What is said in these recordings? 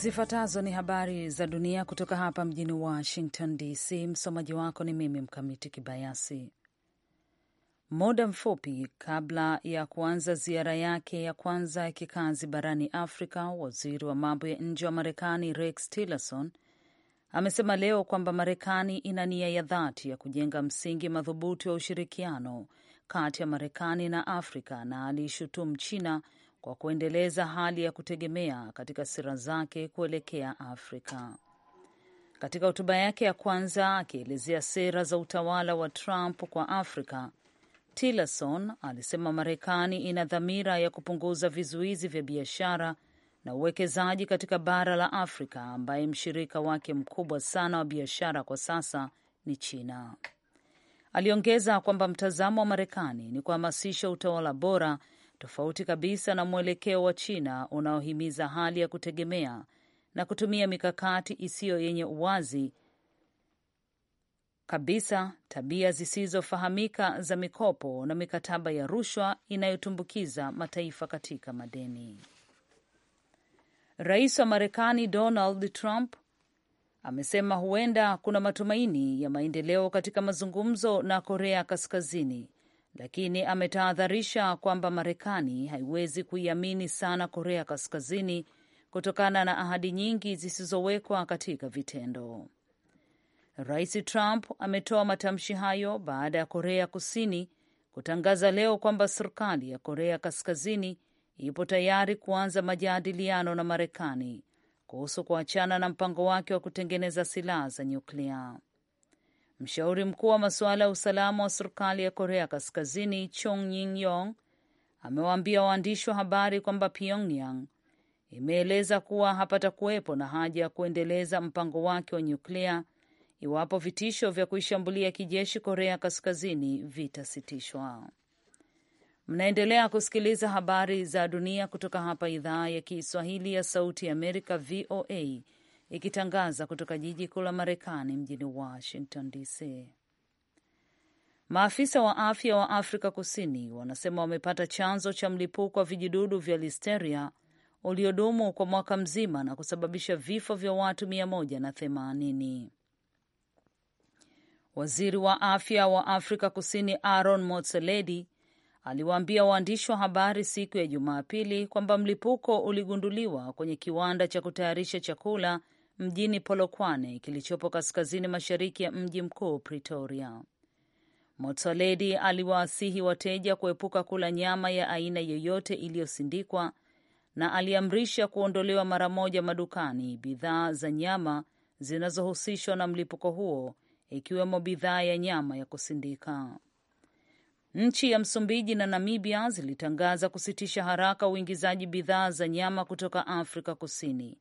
Zifuatazo ni habari za dunia kutoka hapa mjini Washington DC. Msomaji wako ni mimi Mkamiti Kibayasi. Muda mfupi kabla ya kuanza ziara yake ya kwanza ya kikazi barani Afrika, waziri wa mambo ya nje wa Marekani Rex Tillerson amesema leo kwamba Marekani ina nia ya dhati ya kujenga msingi madhubuti wa ushirikiano kati ya Marekani na Afrika, na aliishutumu China kwa kuendeleza hali ya kutegemea katika sera zake kuelekea Afrika. Katika hotuba yake ya kwanza akielezea sera za utawala wa Trump kwa Afrika, Tillerson alisema Marekani ina dhamira ya kupunguza vizuizi vya biashara na uwekezaji katika bara la Afrika, ambaye mshirika wake mkubwa sana wa biashara kwa sasa ni China. Aliongeza kwamba mtazamo wa Marekani ni kuhamasisha utawala bora tofauti kabisa na mwelekeo wa China unaohimiza hali ya kutegemea na kutumia mikakati isiyo yenye uwazi kabisa, tabia zisizofahamika za mikopo na mikataba ya rushwa inayotumbukiza mataifa katika madeni. Rais wa Marekani Donald Trump amesema huenda kuna matumaini ya maendeleo katika mazungumzo na Korea Kaskazini lakini ametahadharisha kwamba Marekani haiwezi kuiamini sana Korea Kaskazini kutokana na ahadi nyingi zisizowekwa katika vitendo. Rais Trump ametoa matamshi hayo baada ya Korea Kusini kutangaza leo kwamba serikali ya Korea Kaskazini ipo tayari kuanza majadiliano na Marekani kuhusu kuachana na mpango wake wa kutengeneza silaha za nyuklia. Mshauri mkuu wa masuala ya usalama wa serikali ya Korea Kaskazini Chung Yin Yong amewaambia waandishi wa habari kwamba Pyongyang imeeleza kuwa hapatakuwepo na haja ya kuendeleza mpango wake wa nyuklia iwapo vitisho vya kuishambulia kijeshi Korea Kaskazini vitasitishwa. Mnaendelea kusikiliza habari za dunia kutoka hapa idhaa ya Kiswahili ya Sauti ya Amerika, VOA ikitangaza kutoka jiji kuu la Marekani mjini Washington DC. Maafisa wa afya wa Afrika Kusini wanasema wamepata chanzo cha mlipuko wa vijidudu vya listeria uliodumu kwa mwaka mzima na kusababisha vifo vya watu mia moja na themanini. Waziri wa afya wa Afrika Kusini Aaron Motsoaledi aliwaambia waandishi wa habari siku ya Jumapili kwamba mlipuko uligunduliwa kwenye kiwanda cha kutayarisha chakula mjini Polokwane kilichopo kaskazini mashariki ya mji mkuu Pretoria. Motsoaledi aliwaasihi wateja kuepuka kula nyama ya aina yoyote iliyosindikwa na aliamrisha kuondolewa mara moja madukani bidhaa za nyama zinazohusishwa na mlipuko huo ikiwemo bidhaa ya nyama ya kusindika. Nchi ya Msumbiji na Namibia zilitangaza kusitisha haraka uingizaji bidhaa za nyama kutoka Afrika Kusini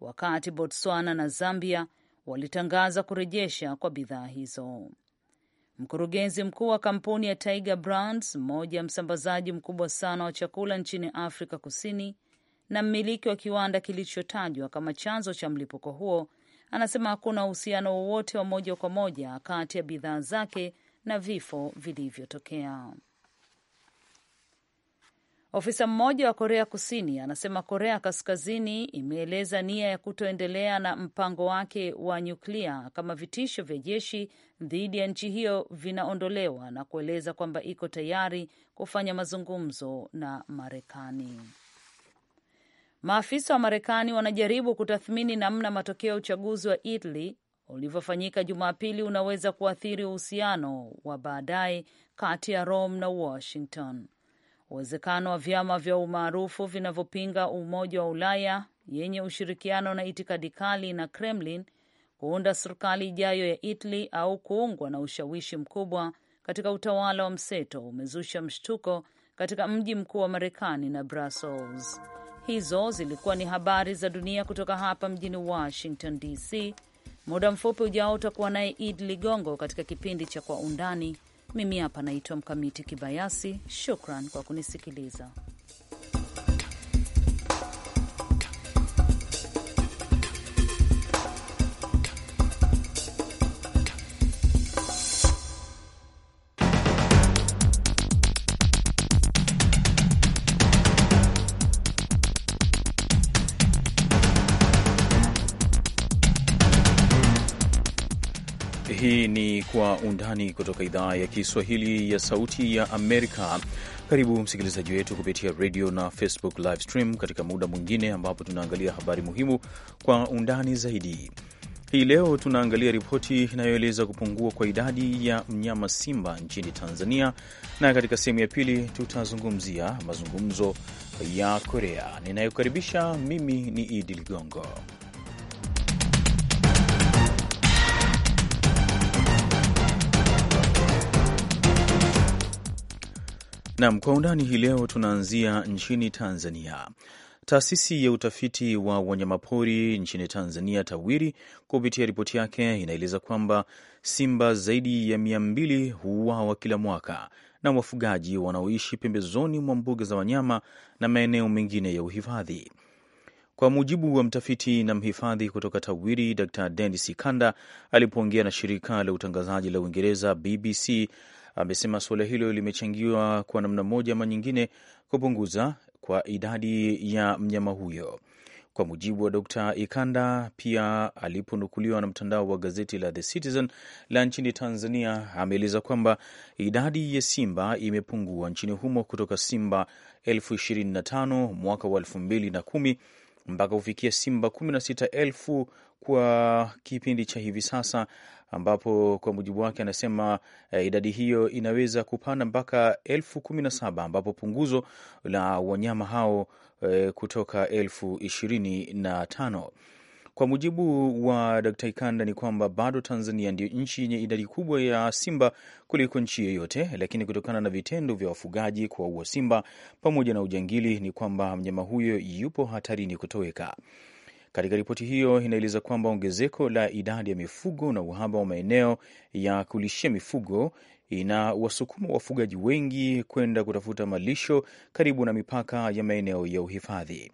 wakati Botswana na Zambia walitangaza kurejesha kwa bidhaa hizo. Mkurugenzi mkuu wa kampuni ya Tiger Brands, mmoja msambazaji mkubwa sana wa chakula nchini Afrika Kusini na mmiliki wa kiwanda kilichotajwa kama chanzo cha mlipuko huo, anasema hakuna uhusiano wowote wa moja kwa moja kati ya bidhaa zake na vifo vilivyotokea. Ofisa mmoja wa Korea Kusini anasema Korea Kaskazini imeeleza nia ya kutoendelea na mpango wake wa nyuklia kama vitisho vya jeshi dhidi ya nchi hiyo vinaondolewa na kueleza kwamba iko tayari kufanya mazungumzo na Marekani. Maafisa wa Marekani wanajaribu kutathmini namna matokeo ya uchaguzi wa Italy ulivyofanyika Jumapili unaweza kuathiri uhusiano wa baadaye kati ya Rome na Washington. Uwezekano wa vyama vya umaarufu vinavyopinga Umoja wa Ulaya yenye ushirikiano na itikadi kali na Kremlin kuunda serikali ijayo ya Italy au kuungwa na ushawishi mkubwa katika utawala wa mseto umezusha mshtuko katika mji mkuu wa Marekani na Brussels. Hizo zilikuwa ni habari za dunia kutoka hapa mjini Washington DC. Muda mfupi ujao utakuwa naye ed Ligongo katika kipindi cha Kwa Undani. Mimi hapa naitwa Mkamiti Kibayasi. Shukran kwa kunisikiliza. Kwa Undani kutoka idhaa ya Kiswahili ya Sauti ya Amerika. Karibu msikilizaji wetu kupitia radio na Facebook live stream katika muda mwingine ambapo tunaangalia habari muhimu kwa undani zaidi. Hii leo tunaangalia ripoti inayoeleza kupungua kwa idadi ya mnyama simba nchini Tanzania, na katika sehemu ya pili tutazungumzia mazungumzo ya Korea. Ninayokaribisha mimi ni Idi Ligongo. Nam kwa undani hii leo tunaanzia nchini Tanzania. Taasisi ya utafiti wa wanyamapori nchini Tanzania, TAWIRI, kupitia ripoti yake inaeleza kwamba simba zaidi ya mia mbili huuawa kila mwaka na wafugaji wanaoishi pembezoni mwa mbuga za wanyama na maeneo mengine ya uhifadhi. Kwa mujibu wa mtafiti na mhifadhi kutoka TAWIRI, Dr Denis Kanda alipoongea na shirika la utangazaji la Uingereza BBC amesema suala hilo limechangiwa kwa namna moja ama nyingine kupunguza kwa idadi ya mnyama huyo. Kwa mujibu wa Dr Ikanda, pia aliponukuliwa na mtandao wa gazeti la The Citizen la nchini Tanzania, ameeleza kwamba idadi ya simba imepungua nchini humo kutoka simba elfu ishirini na tano mwaka wa elfu mbili na kumi mpaka kufikia simba kumi na sita elfu kwa kipindi cha hivi sasa, ambapo kwa mujibu wake anasema eh, idadi hiyo inaweza kupanda mpaka elfu kumi na saba ambapo punguzo la wanyama hao eh, kutoka elfu ishirini na tano kwa mujibu wa Dkt. Ikanda ni kwamba bado Tanzania ndiyo nchi yenye idadi kubwa ya simba kuliko nchi yoyote, lakini kutokana na vitendo vya wafugaji kuwaua simba pamoja na ujangili, ni kwamba mnyama huyo yupo hatarini kutoweka. Katika ripoti hiyo inaeleza kwamba ongezeko la idadi ya mifugo na uhaba wa maeneo ya kulishia mifugo inawasukuma wafugaji wengi kwenda kutafuta malisho karibu na mipaka ya maeneo ya uhifadhi.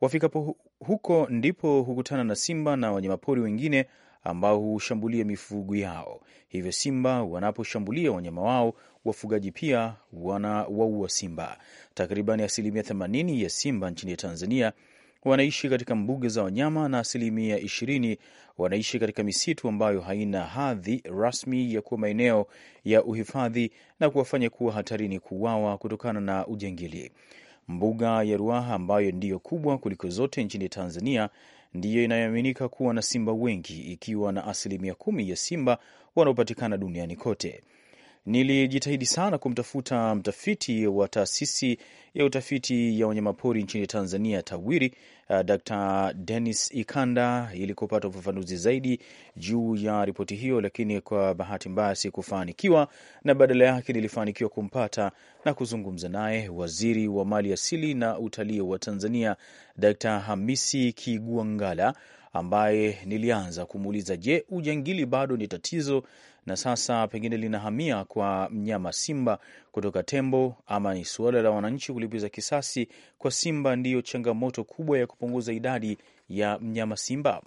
Wafikapo huko ndipo hukutana na simba na wanyamapori wengine ambao hushambulia mifugo yao. Hivyo simba wanaposhambulia wanyama wao, wafugaji pia wanawaua simba. Takriban asilimia 80 ya simba nchini Tanzania wanaishi katika mbuga za wanyama na asilimia 20 wanaishi katika misitu ambayo haina hadhi rasmi ya kuwa maeneo ya uhifadhi na kuwafanya kuwa hatarini kuuawa kutokana na ujangili. Mbuga ya Ruaha ambayo ndiyo kubwa kuliko zote nchini Tanzania ndiyo inayoaminika kuwa na simba wengi ikiwa na asilimia kumi ya simba wanaopatikana duniani kote. Nilijitahidi sana kumtafuta mtafiti wa taasisi ya utafiti ya wanyamapori nchini Tanzania, TAWIRI, uh, Dr Dennis Ikanda ili kupata ufafanuzi zaidi juu ya ripoti hiyo, lakini kwa bahati mbaya sikufanikiwa, na badala yake nilifanikiwa kumpata na kuzungumza naye waziri wa mali asili na utalii wa Tanzania, Dr Hamisi kiguangala ambaye nilianza kumuuliza, je, ujangili bado ni tatizo na sasa pengine linahamia kwa mnyama simba kutoka tembo, ama ni suala la wananchi kulipiza kisasi kwa simba? Ndiyo changamoto kubwa ya kupunguza idadi ya mnyama simba.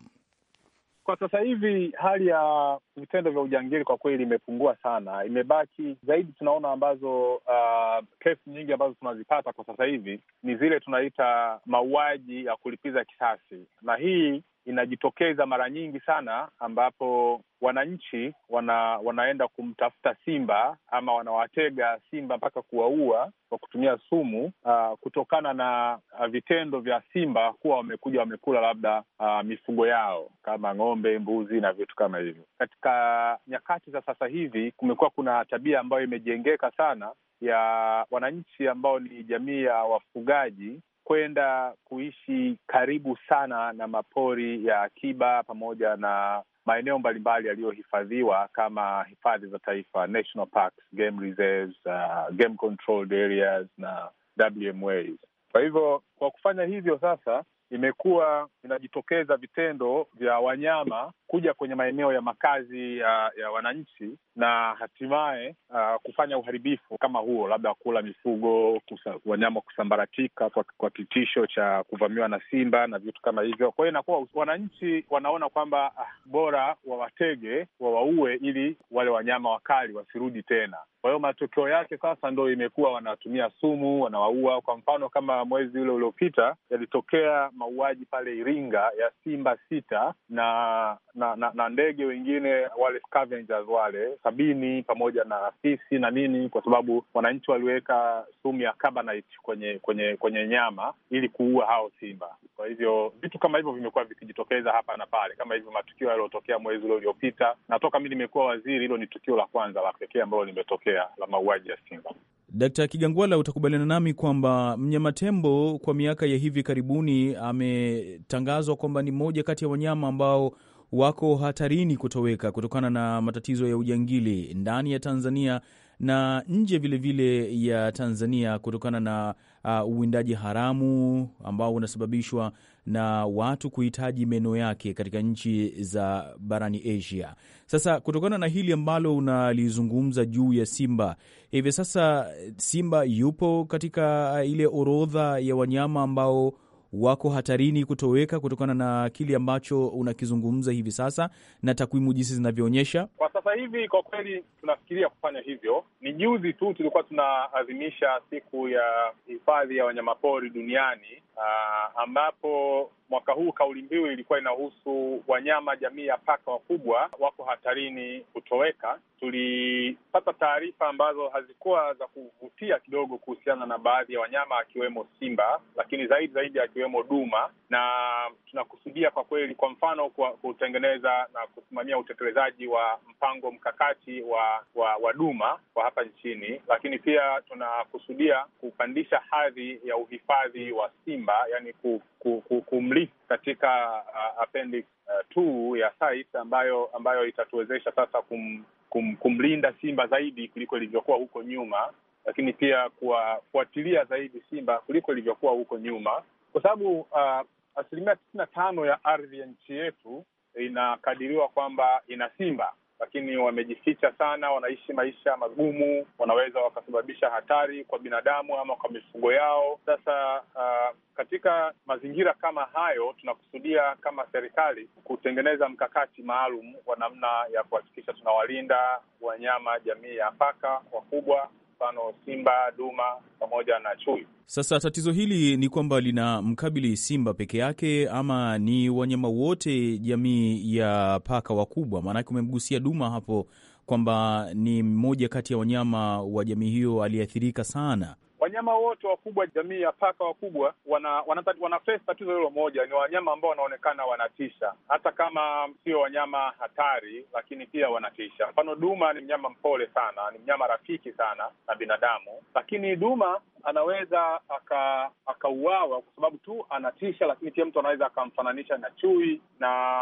Kwa sasa hivi hali ya vitendo vya ujangili kwa kweli imepungua sana, imebaki zaidi. Tunaona ambazo uh, kesi nyingi ambazo tunazipata kwa sasa hivi ni zile tunaita mauaji ya kulipiza kisasi, na hii inajitokeza mara nyingi sana ambapo wananchi wana, wanaenda kumtafuta simba ama wanawatega simba mpaka kuwaua kwa kutumia sumu uh, kutokana na ah, vitendo vya simba kuwa wamekuja wamekula labda uh, mifugo yao kama ng'ombe, mbuzi na vitu kama hivyo. Katika nyakati za sasa hivi kumekuwa kuna tabia ambayo imejengeka sana ya wananchi ambao ni jamii ya wafugaji kwenda kuishi karibu sana na mapori ya akiba pamoja na maeneo mbalimbali yaliyohifadhiwa kama hifadhi za taifa, national parks, game reserves, uh, game controlled areas na WMAs. Kwa hivyo kwa kufanya hivyo sasa imekuwa inajitokeza vitendo vya wanyama kuja kwenye maeneo ya makazi ya, ya wananchi na hatimaye uh, kufanya uharibifu kama huo, labda kula mifugo kusa, wanyama kusambaratika kwa, kwa kitisho cha kuvamiwa na simba na vitu kama hivyo. Kwa hiyo inakuwa wananchi wanaona kwamba ah, bora wawatege wawaue, ili wale wanyama wakali wasirudi tena. Kwa hiyo matokeo yake sasa ndo imekuwa wanatumia sumu, wanawaua. Kwa mfano kama mwezi ule uliopita yalitokea mauaji pale Iringa ya simba sita na na, na, na ndege wengine wale scavengers wale sabini pamoja na fisi na nini, kwa sababu wananchi waliweka sumu ya kwenye kwenye kwenye nyama ili kuua hao simba. Kwa hivyo vitu kama hivyo vimekuwa vikijitokeza hapa na pale, kama hivyo matukio yaliyotokea mwezi ule uliopita, na toka mi nimekuwa waziri, hilo ni tukio la kwanza la pekee ambalo limetokea la mauaji ya simba. Dkt. Kigangwala, utakubaliana nami kwamba mnyama tembo kwa miaka ya hivi karibuni ametangazwa kwamba ni moja kati ya wanyama ambao wako hatarini kutoweka kutokana na matatizo ya ujangili ndani ya Tanzania na nje vilevile vile ya Tanzania kutokana na Uh, uwindaji haramu ambao unasababishwa na watu kuhitaji meno yake katika nchi za barani Asia. Sasa kutokana na hili ambalo unalizungumza juu ya simba, hivi sasa simba yupo katika uh, ile orodha ya wanyama ambao wako hatarini kutoweka kutokana na kile ambacho unakizungumza hivi sasa na takwimu jinsi zinavyoonyesha kwa sasa hivi? Kwa kweli tunafikiria kufanya hivyo. Ni juzi tu tulikuwa tunaadhimisha siku ya hifadhi ya wanyamapori duniani uh, ambapo mwaka huu kauli mbiu ilikuwa inahusu wanyama jamii ya paka wakubwa wako hatarini kutoweka. Tulipata taarifa ambazo hazikuwa za kuvutia kidogo kuhusiana na baadhi ya wanyama akiwemo simba, lakini zaidi zaidi akiwemo duma, na tunakusudia kwa kweli, kwa mfano, kutengeneza na kusimamia utekelezaji wa mpango mkakati wa, wa, wa duma kwa hapa nchini, lakini pia tunakusudia kupandisha hadhi ya uhifadhi wa simba kuvimba, yani ku, ku, ku, kumlist katika uh, appendix uh, two ya site ambayo ambayo itatuwezesha sasa kum, kum, kumlinda simba zaidi kuliko ilivyokuwa huko nyuma, lakini pia kuwafuatilia zaidi simba kuliko ilivyokuwa huko nyuma, kwa sababu uh, asilimia tisini na tano ya ardhi ya nchi yetu inakadiriwa kwamba ina simba lakini wamejificha sana, wanaishi maisha magumu, wanaweza wakasababisha hatari kwa binadamu ama kwa mifugo yao. Sasa uh, katika mazingira kama hayo, tunakusudia kama serikali kutengeneza mkakati maalum wa namna ya kuhakikisha tunawalinda wanyama jamii ya paka wakubwa mfano simba, duma pamoja na chui. Sasa tatizo hili ni kwamba lina mkabili simba peke yake ama ni wanyama wote jamii ya paka wakubwa? Maanake umemgusia duma hapo kwamba ni mmoja kati ya wanyama wa jamii hiyo aliyeathirika sana. Wanyama wote wakubwa, jamii ya paka wakubwa, wana wana face tatizo hilo moja, ni wanyama ambao wanaonekana wanatisha, hata kama sio wanyama hatari, lakini pia wanatisha. Mfano, duma ni mnyama mpole sana, ni mnyama rafiki sana na binadamu, lakini duma anaweza akauawa aka kwa sababu tu anatisha, lakini pia mtu anaweza akamfananisha na chui na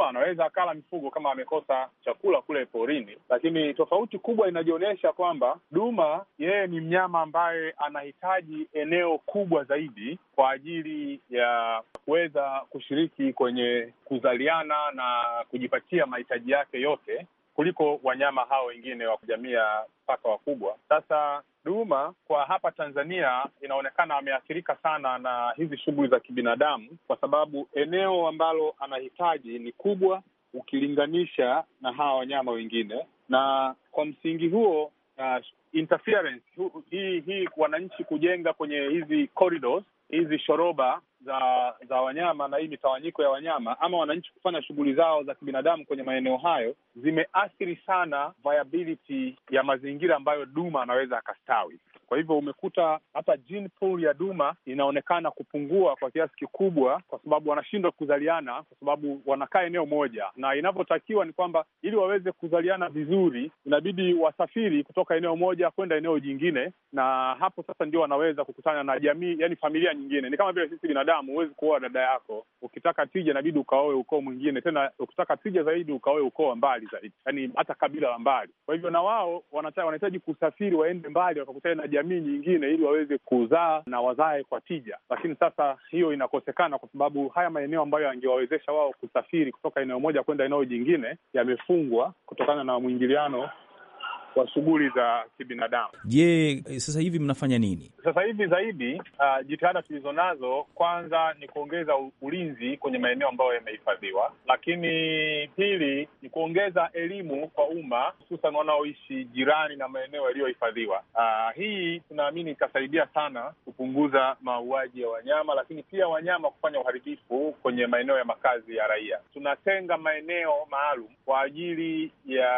nyuma anaweza akala mifugo kama amekosa chakula kule porini, lakini tofauti kubwa inajionyesha kwamba duma yeye ni mnyama ambaye anahitaji eneo kubwa zaidi kwa ajili ya kuweza kushiriki kwenye kuzaliana na kujipatia mahitaji yake yote, kuliko wanyama hao wengine wa jamii ya paka wakubwa. Sasa duma kwa hapa Tanzania inaonekana ameathirika sana na hizi shughuli za kibinadamu, kwa sababu eneo ambalo anahitaji ni kubwa ukilinganisha na hawa wanyama wengine, na kwa msingi huo uh, interference hii hii wananchi kujenga kwenye hizi corridors hizi shoroba za za wanyama na hii mitawanyiko ya wanyama ama wananchi kufanya shughuli zao za kibinadamu kwenye maeneo hayo zimeathiri sana viability ya mazingira ambayo duma anaweza akastawi. Kwa hivyo umekuta hata gene pool ya duma inaonekana kupungua kwa kiasi kikubwa, kwa sababu wanashindwa kuzaliana, kwa sababu wanakaa eneo moja, na inavyotakiwa ni kwamba ili waweze kuzaliana vizuri, inabidi wasafiri kutoka eneo moja kwenda eneo jingine, na hapo sasa ndio wanaweza kukutana na jamii, yani familia nyingine. Ni kama vile sisi binadamu, huwezi kuoa dada yako. Ukitaka tija, inabidi ukaoe ukoo mwingine, tena ukitaka tija zaidi, ukaoe ukoo wa mbali zaidi, yani hata kabila la mbali. Kwa hivyo na wao wanahitaji kusafiri waende mbali wakakutana na jamii jamii nyingine ili waweze kuzaa na wazae kwa tija. Lakini sasa hiyo inakosekana kwa sababu haya maeneo ambayo yangewawezesha wao kusafiri kutoka eneo moja kwenda eneo jingine yamefungwa kutokana na mwingiliano kwa shughuli za kibinadamu. Je, sasa hivi mnafanya nini? Sasa hivi zaidi, uh, jitihada tulizo nazo kwanza ni kuongeza ulinzi kwenye maeneo ambayo yamehifadhiwa, lakini pili ni kuongeza elimu kwa umma, hususan wanaoishi jirani na maeneo yaliyohifadhiwa. Uh, hii tunaamini itasaidia sana kupunguza mauaji ya wanyama, lakini pia wanyama kufanya uharibifu kwenye maeneo ya makazi ya raia. Tunatenga maeneo maalum kwa ajili ya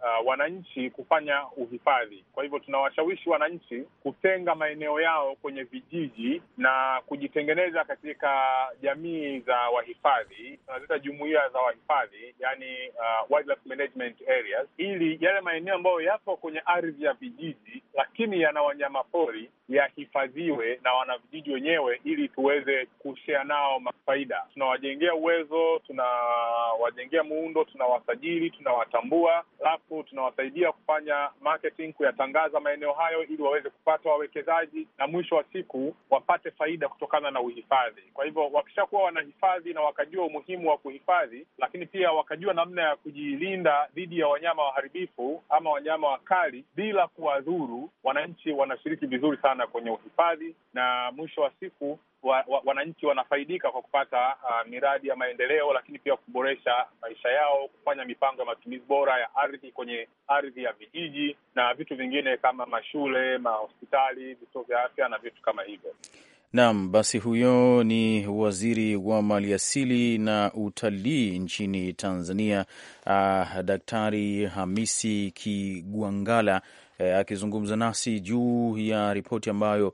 uh, wananchi kufanya uhifadhi. Kwa hivyo tunawashawishi wananchi kutenga maeneo yao kwenye vijiji na kujitengeneza katika jamii za wahifadhi, tunaziita jumuia za wahifadhi, yani uh, wildlife management areas, ili yale maeneo ambayo yapo kwenye ardhi ya vijiji lakini yana wanyama pori yahifadhiwe na wanavijiji wenyewe, ili tuweze kushea nao mafaida. Tunawajengea uwezo, tunawajengea muundo, tunawasajili, tunawatambua, alafu tunawasaidia kufanya kufanya marketing, kuyatangaza maeneo hayo ili waweze kupata wawekezaji na mwisho wa siku wapate faida kutokana na uhifadhi. Kwa hivyo wakishakuwa wanahifadhi na wakajua umuhimu wa kuhifadhi, lakini pia wakajua namna ya kujilinda dhidi ya wanyama waharibifu ama wanyama wakali bila kuwadhuru, wananchi wanashiriki vizuri sana kwenye uhifadhi na mwisho wa siku wa, wa, wananchi wanafaidika kwa kupata uh, miradi ya maendeleo, lakini pia kuboresha maisha yao, kufanya mipango ya matumizi bora ya ardhi kwenye ardhi ya vijiji na vitu vingine kama mashule, mahospitali, vituo vya afya na vitu kama hivyo. Naam, basi huyo ni waziri wa maliasili na utalii nchini Tanzania, uh, Daktari Hamisi Kigwangala eh, akizungumza uh, nasi juu ya ripoti ambayo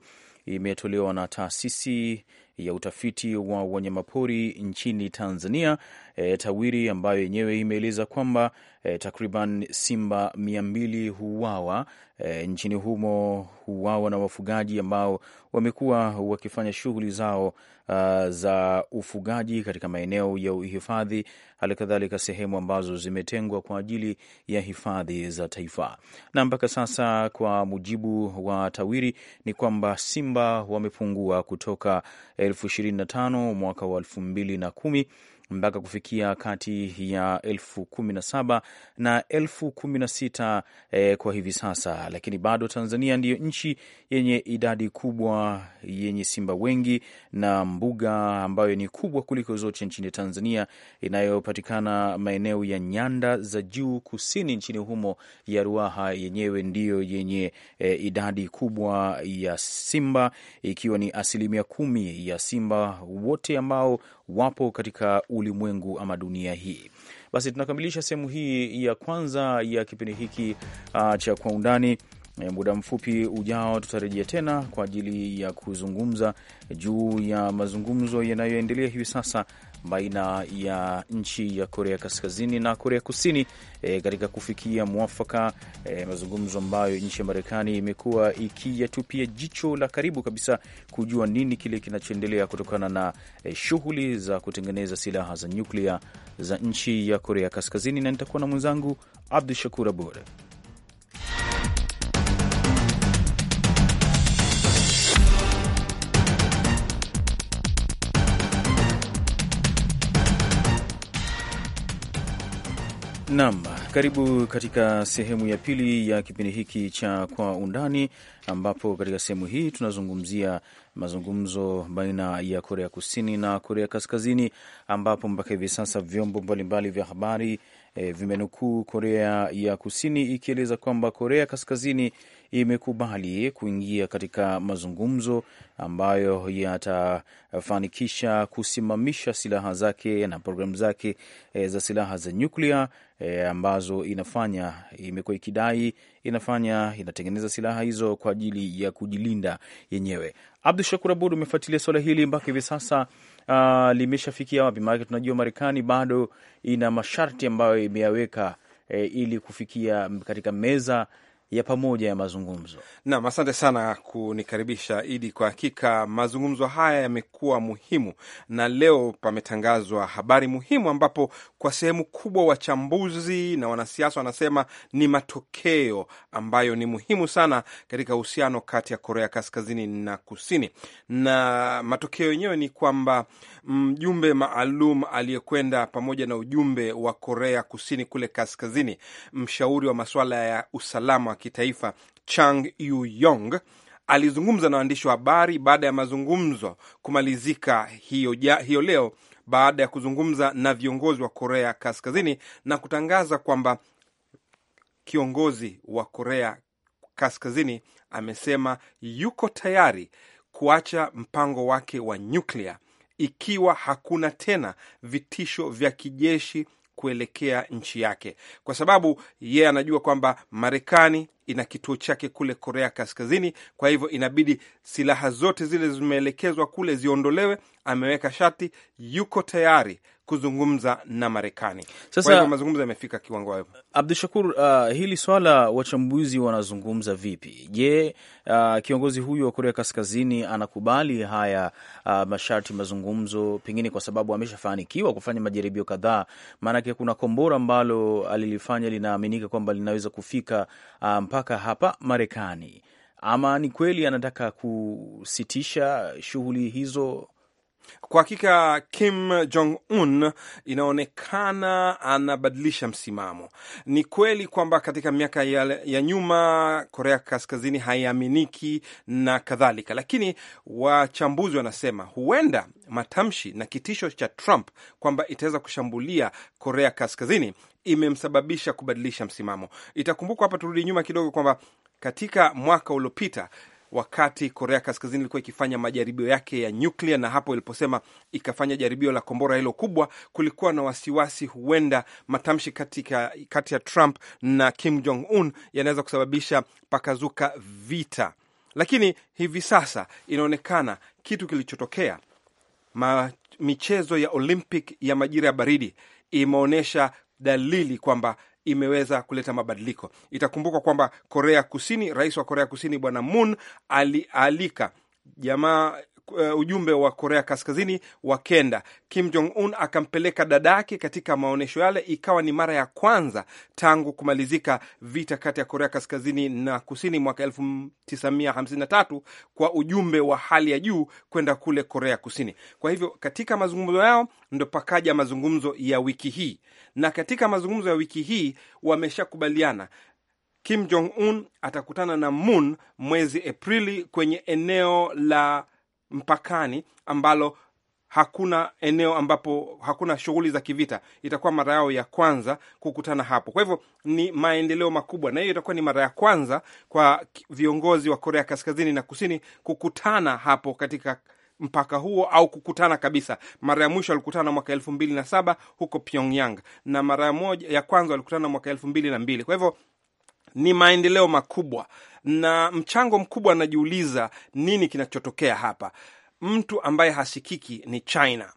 imetolewa na taasisi ya utafiti wa wanyamapori nchini Tanzania e, TAWIRI ambayo yenyewe imeeleza kwamba e, takriban simba mia mbili huuawa e, nchini humo, huuawa na wafugaji ambao wamekuwa wakifanya shughuli zao uh, za ufugaji katika maeneo ya uhifadhi, hali kadhalika sehemu ambazo zimetengwa kwa ajili ya hifadhi za taifa. Na mpaka sasa kwa mujibu wa TAWIRI ni kwamba simba wamepungua kutoka elfu ishirini na tano mwaka wa elfu mbili na kumi mpaka kufikia kati ya elfu kumi na saba na elfu kumi na sita e, kwa hivi sasa, lakini bado Tanzania ndiyo nchi yenye idadi kubwa yenye simba wengi na mbuga ambayo ni kubwa kuliko zote nchini Tanzania, inayopatikana maeneo ya nyanda za juu kusini nchini humo ya Ruaha yenyewe ndiyo yenye e, idadi kubwa ya simba ikiwa ni asilimia kumi ya simba wote ambao wapo katika ulimwengu ama dunia hii. Basi tunakamilisha sehemu hii ya kwanza ya kipindi hiki uh, cha kwa undani. E, muda mfupi ujao tutarejea tena kwa ajili ya kuzungumza juu ya mazungumzo yanayoendelea hivi sasa baina ya nchi ya Korea Kaskazini na Korea Kusini e, katika kufikia mwafaka e, mazungumzo ambayo nchi ya Marekani imekuwa ikiyatupia jicho la karibu kabisa kujua nini kile kinachoendelea kutokana na e, shughuli za kutengeneza silaha za nyuklia za nchi ya Korea Kaskazini, na nitakuwa na mwenzangu Abdu Shakur Abud. Naam, karibu katika sehemu ya pili ya kipindi hiki cha Kwa Undani, ambapo katika sehemu hii tunazungumzia mazungumzo baina ya Korea Kusini na Korea Kaskazini, ambapo mpaka hivi sasa vyombo mbalimbali vya habari e, vimenukuu Korea ya Kusini ikieleza kwamba Korea Kaskazini imekubali kuingia katika mazungumzo ambayo yatafanikisha kusimamisha silaha zake na programu zake e, za silaha za nyuklia e, ambazo inafanya imekuwa ikidai inafanya inatengeneza silaha hizo kwa ajili ya kujilinda yenyewe. Abdu Shakur Abud, umefuatilia swala hili mpaka hivi sasa uh, limeshafikia wapi? Maanake tunajua Marekani bado ina masharti ambayo imeyaweka e, ili kufikia katika meza ya pamoja ya mazungumzo. Naam, asante sana kunikaribisha Idi. Kwa hakika mazungumzo haya yamekuwa muhimu, na leo pametangazwa habari muhimu, ambapo kwa sehemu kubwa wachambuzi na wanasiasa wanasema ni matokeo ambayo ni muhimu sana katika uhusiano kati ya Korea Kaskazini na Kusini, na matokeo yenyewe ni kwamba mjumbe maalum aliyekwenda pamoja na ujumbe wa Korea Kusini kule kaskazini, mshauri wa masuala ya usalama kitaifa Chang Yuyong alizungumza na waandishi wa habari baada ya mazungumzo kumalizika hiyo, ja, hiyo leo baada ya kuzungumza na viongozi wa Korea Kaskazini na kutangaza kwamba kiongozi wa Korea Kaskazini amesema yuko tayari kuacha mpango wake wa nyuklia ikiwa hakuna tena vitisho vya kijeshi kuelekea nchi yake, kwa sababu yeye yeah, anajua kwamba Marekani ina kituo chake kule Korea Kaskazini. Kwa hivyo inabidi silaha zote zile zimeelekezwa kule ziondolewe. Ameweka shati, yuko tayari kuzungumza na Marekani. Sasa mazungumzo yamefika kiwango gani? Abdu Shakur, uh, hili swala wachambuzi wanazungumza vipi? Je, uh, kiongozi huyu wa Korea Kaskazini anakubali haya uh, masharti mazungumzo, pengine kwa sababu ameshafanikiwa kufanya majaribio kadhaa? Maanake kuna kombora ambalo alilifanya linaaminika kwamba linaweza kufika uh, mpaka hapa Marekani, ama ni kweli anataka kusitisha shughuli hizo kwa hakika Kim Jong Un inaonekana anabadilisha msimamo. Ni kweli kwamba katika miaka ya, ya nyuma Korea Kaskazini haiaminiki na kadhalika, lakini wachambuzi wanasema huenda matamshi na kitisho cha Trump kwamba itaweza kushambulia Korea Kaskazini imemsababisha kubadilisha msimamo. Itakumbukwa hapa, turudi nyuma kidogo, kwamba katika mwaka uliopita wakati Korea Kaskazini ilikuwa ikifanya majaribio yake ya nyuklia, na hapo iliposema ikafanya jaribio la kombora hilo kubwa, kulikuwa na wasiwasi huenda matamshi katika kati ya Trump na Kim Jong Un yanaweza kusababisha pakazuka vita, lakini hivi sasa inaonekana kitu kilichotokea ma, michezo ya Olympic ya majira ya baridi imeonyesha dalili kwamba imeweza kuleta mabadiliko. Itakumbukwa kwamba Korea Kusini, rais wa Korea Kusini Bwana Moon alialika jamaa uh, ujumbe wa Korea Kaskazini wakenda. Kim Jong Un akampeleka dada yake katika maonyesho yale, ikawa ni mara ya kwanza tangu kumalizika vita kati ya Korea Kaskazini na Kusini mwaka 1953 kwa ujumbe wa hali ya juu kwenda kule Korea Kusini. Kwa hivyo katika mazungumzo yao ndo pakaja mazungumzo ya wiki hii, na katika mazungumzo ya wiki hii wameshakubaliana Kim Jong Un atakutana na Moon mwezi Aprili kwenye eneo la mpakani ambalo hakuna eneo ambapo hakuna shughuli za kivita. Itakuwa mara yao ya kwanza kukutana hapo, kwa hivyo ni maendeleo makubwa, na hiyo itakuwa ni mara ya kwanza kwa viongozi wa Korea Kaskazini na Kusini kukutana hapo katika mpaka huo au kukutana kabisa. Mara ya mwisho walikutana mwaka elfu mbili na saba huko Pyongyang na mara moja ya kwanza walikutana mwaka elfu mbili na mbili. Kwa hivyo ni maendeleo makubwa na mchango mkubwa. Anajiuliza nini kinachotokea hapa. Mtu ambaye hasikiki ni China.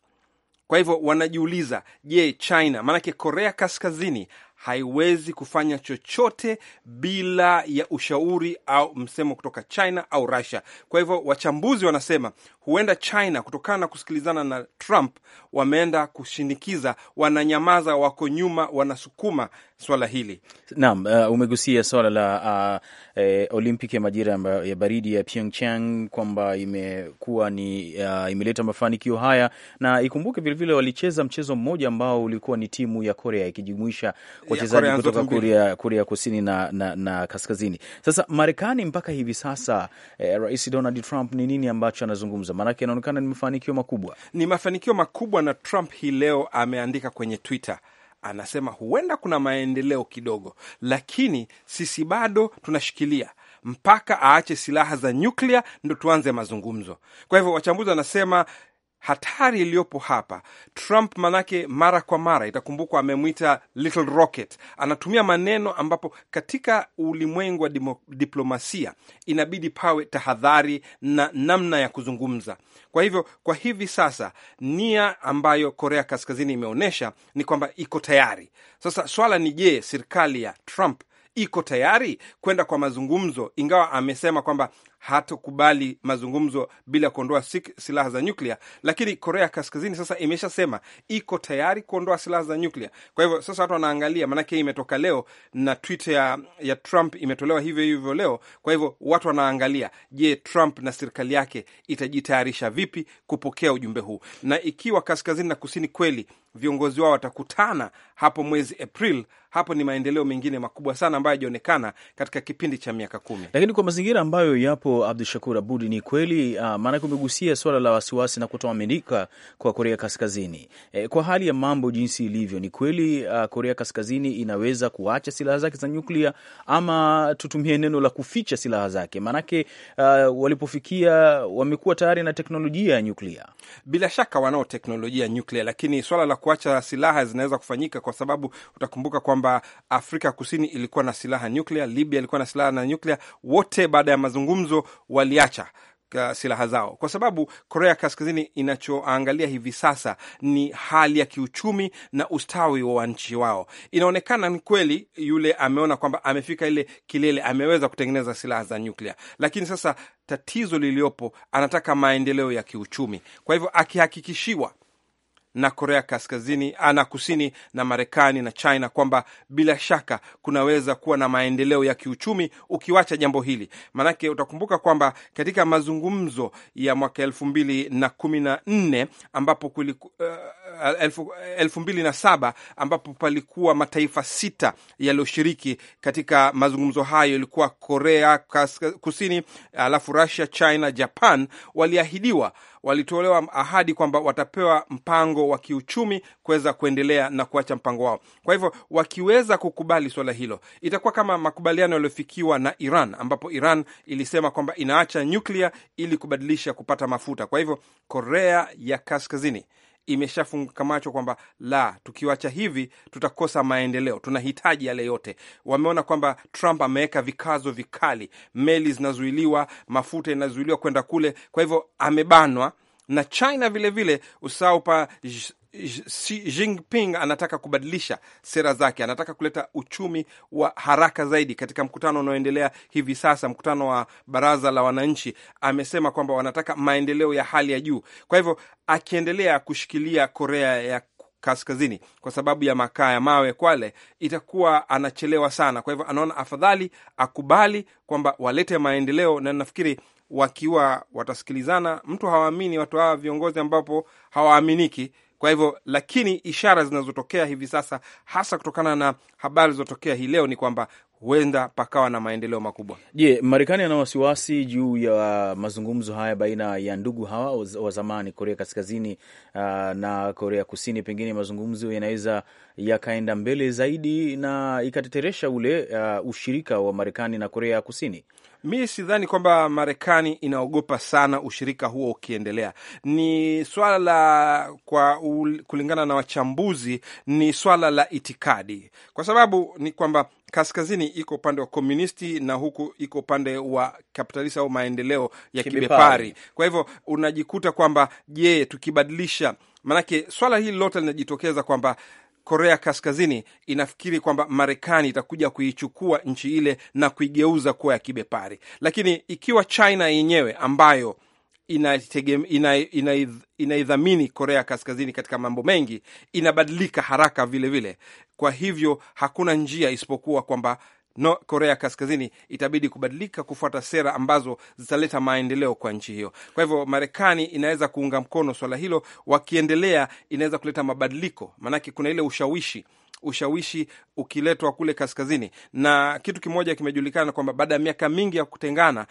Kwa hivyo wanajiuliza, je, China maanake Korea Kaskazini haiwezi kufanya chochote bila ya ushauri au msemo kutoka China au Russia. Kwa hivyo wachambuzi wanasema huenda China, kutokana na kusikilizana na Trump, wameenda kushinikiza, wananyamaza, wako nyuma, wanasukuma swala hili. Naam, uh, umegusia swala la uh, eh, Olimpiki ya majira ya baridi ya Pyeongchang kwamba imekuwa ni uh, imeleta mafanikio haya, na ikumbuke vilevile walicheza mchezo mmoja ambao ulikuwa ni timu ya Korea ikijumuisha wachezaji kutoka Korea, Korea kusini na, na, na kaskazini. Sasa Marekani mpaka hivi sasa eh, Rais Donald Trump ni nini ambacho anazungumza? Maanake inaonekana ni mafanikio makubwa, ni mafanikio makubwa, na Trump hii leo ameandika kwenye Twitter anasema huenda kuna maendeleo kidogo, lakini sisi bado tunashikilia mpaka aache silaha za nyuklia ndo tuanze mazungumzo. Kwa hivyo wachambuzi wanasema hatari iliyopo hapa. Trump manake mara kwa mara itakumbukwa, amemwita little rocket. Anatumia maneno ambapo katika ulimwengu wa diplomasia inabidi pawe tahadhari na namna ya kuzungumza. Kwa hivyo, kwa hivi sasa nia ambayo Korea Kaskazini imeonyesha ni kwamba iko tayari. Sasa swala ni je, serikali ya Trump iko tayari kwenda kwa mazungumzo, ingawa amesema kwamba hatokubali mazungumzo bila kuondoa silaha za nyuklia, lakini Korea Kaskazini sasa imeshasema iko tayari kuondoa silaha za nyuklia. Kwa hivyo sasa watu wanaangalia, maanake hii imetoka leo na Twitter ya, ya Trump imetolewa hivyo hivyo leo. Kwa hivyo watu wanaangalia, je, Trump na serikali yake itajitayarisha vipi kupokea ujumbe huu, na ikiwa kaskazini na kusini kweli viongozi wao watakutana hapo mwezi April. Hapo ni maendeleo mengine makubwa sana ambayo yajaonekana katika kipindi cha miaka kumi, lakini kwa mazingira ambayo yapo Abdu Shakur Abudi, ni kweli uh, ah, maanake umegusia swala la wasiwasi na kutoaminika kwa Korea Kaskazini. E, kwa hali ya mambo jinsi ilivyo, ni kweli uh, Korea Kaskazini inaweza kuacha silaha zake za nyuklia, ama tutumie neno la kuficha silaha zake, maanake uh, walipofikia wamekuwa tayari na teknolojia ya nyuklia. Bila shaka wanao teknolojia ya nyuklia, lakini swala la kuacha silaha zinaweza kufanyika, kwa sababu utakumbuka kwamba Afrika Kusini ilikuwa na silaha nyuklia, Libya ilikuwa na silaha na nyuklia, wote baada ya mazungumzo waliacha uh, silaha zao kwa sababu Korea Kaskazini inachoangalia hivi sasa ni hali ya kiuchumi na ustawi wa wananchi wao. Inaonekana ni kweli yule ameona kwamba amefika ile kilele, ameweza kutengeneza silaha za nyuklia, lakini sasa tatizo liliyopo anataka maendeleo ya kiuchumi. Kwa hivyo akihakikishiwa na Korea Kaskazini na Kusini na Marekani na China kwamba bila shaka kunaweza kuwa na maendeleo ya kiuchumi ukiwacha jambo hili. Maanake utakumbuka kwamba katika mazungumzo ya mwaka elfu mbili na kumi na nne ambapo kuliku, uh, elfu, elfu mbili na saba ambapo palikuwa mataifa sita yaliyoshiriki katika mazungumzo hayo, ilikuwa Korea Kusini, alafu Russia, China, Japan waliahidiwa walitolewa ahadi kwamba watapewa mpango wa kiuchumi kuweza kuendelea na kuacha mpango wao. Kwa hivyo wakiweza kukubali swala hilo, itakuwa kama makubaliano yaliyofikiwa na Iran, ambapo Iran ilisema kwamba inaacha nyuklia ili kubadilisha kupata mafuta. Kwa hivyo Korea ya Kaskazini imeshafunguka macho kwamba la, tukiwacha hivi tutakosa maendeleo, tunahitaji yale yote. Wameona kwamba Trump ameweka vikazo vikali, meli zinazuiliwa, mafuta inazuiliwa kwenda kule, kwa hivyo amebanwa na China vilevile, usahau pa Xi Jinping anataka kubadilisha sera zake, anataka kuleta uchumi wa haraka zaidi. Katika mkutano unaoendelea hivi sasa, mkutano wa baraza la wananchi, amesema kwamba wanataka maendeleo ya hali ya juu. Kwa hivyo akiendelea kushikilia Korea ya kaskazini kwa sababu ya makaa ya mawe Kwale itakuwa anachelewa sana. Kwa hivyo anaona afadhali akubali kwamba walete maendeleo, na nafikiri wakiwa watasikilizana, mtu hawaamini watu hawa viongozi ambapo hawaaminiki kwa hivyo, lakini ishara zinazotokea hivi sasa, hasa kutokana na habari zilizotokea hii leo, ni kwamba huenda pakawa na maendeleo makubwa. Je, Marekani ana wasiwasi juu ya mazungumzo haya baina ya ndugu hawa wa zamani Korea Kaskazini uh, na Korea Kusini? Pengine mazungumzo yanaweza yakaenda mbele zaidi na ikateteresha ule uh, ushirika wa Marekani na Korea Kusini. Mi sidhani kwamba Marekani inaogopa sana ushirika huo ukiendelea. Ni swala la kwa ul, kulingana na wachambuzi ni swala la itikadi, kwa sababu ni kwamba kaskazini iko upande wa komunisti na huku iko upande wa kapitalisti au maendeleo ya kibepari. Kibepari. Kwa hivyo unajikuta kwamba je, tukibadilisha, maanake swala hili lote linajitokeza kwamba Korea Kaskazini inafikiri kwamba Marekani itakuja kuichukua nchi ile na kuigeuza kuwa ya kibepari, lakini ikiwa China yenyewe ambayo inaidhamini ina, ina, ina Korea Kaskazini katika mambo mengi, inabadilika haraka vilevile vile. Kwa hivyo hakuna njia isipokuwa kwamba no, Korea Kaskazini itabidi kubadilika kufuata sera ambazo zitaleta maendeleo kwa nchi hiyo. Kwa hivyo Marekani inaweza kuunga mkono swala hilo, wakiendelea inaweza kuleta mabadiliko, maanake kuna ile ushawishi ushawishi ukiletwa kule kaskazini, na kitu kimoja kimejulikana kwamba baada ya miaka mingi ya kutengana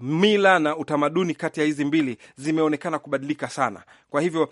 mila na utamaduni kati ya hizi mbili zimeonekana kubadilika sana. Kwa hivyo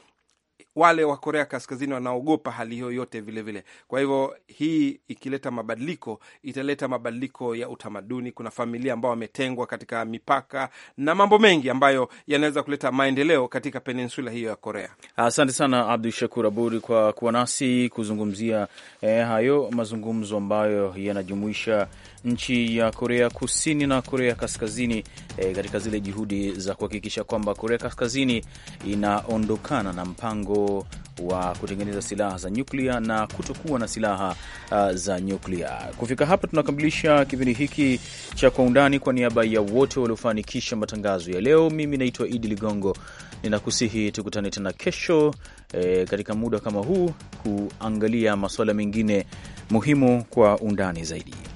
wale wa Korea Kaskazini wanaogopa hali hiyo yote vilevile. Kwa hivyo hii ikileta mabadiliko, italeta mabadiliko ya utamaduni. Kuna familia ambao wametengwa katika mipaka na mambo mengi ambayo yanaweza kuleta maendeleo katika peninsula hiyo ya Korea. Asante sana Abdu Shakur Abud kwa kuwa nasi kuzungumzia eh, hayo mazungumzo ambayo yanajumuisha nchi ya Korea Kusini na Korea Kaskazini e, katika zile juhudi za kuhakikisha kwamba Korea Kaskazini inaondokana na mpango wa kutengeneza silaha za nyuklia na kutokuwa na silaha uh, za nyuklia. Kufika hapa, tunakamilisha kipindi hiki cha Kwa Undani. Kwa niaba ya wote waliofanikisha matangazo ya leo, mimi naitwa Idi Ligongo, ninakusihi tukutane tena kesho e, katika muda kama huu kuangalia masuala mengine muhimu kwa undani zaidi.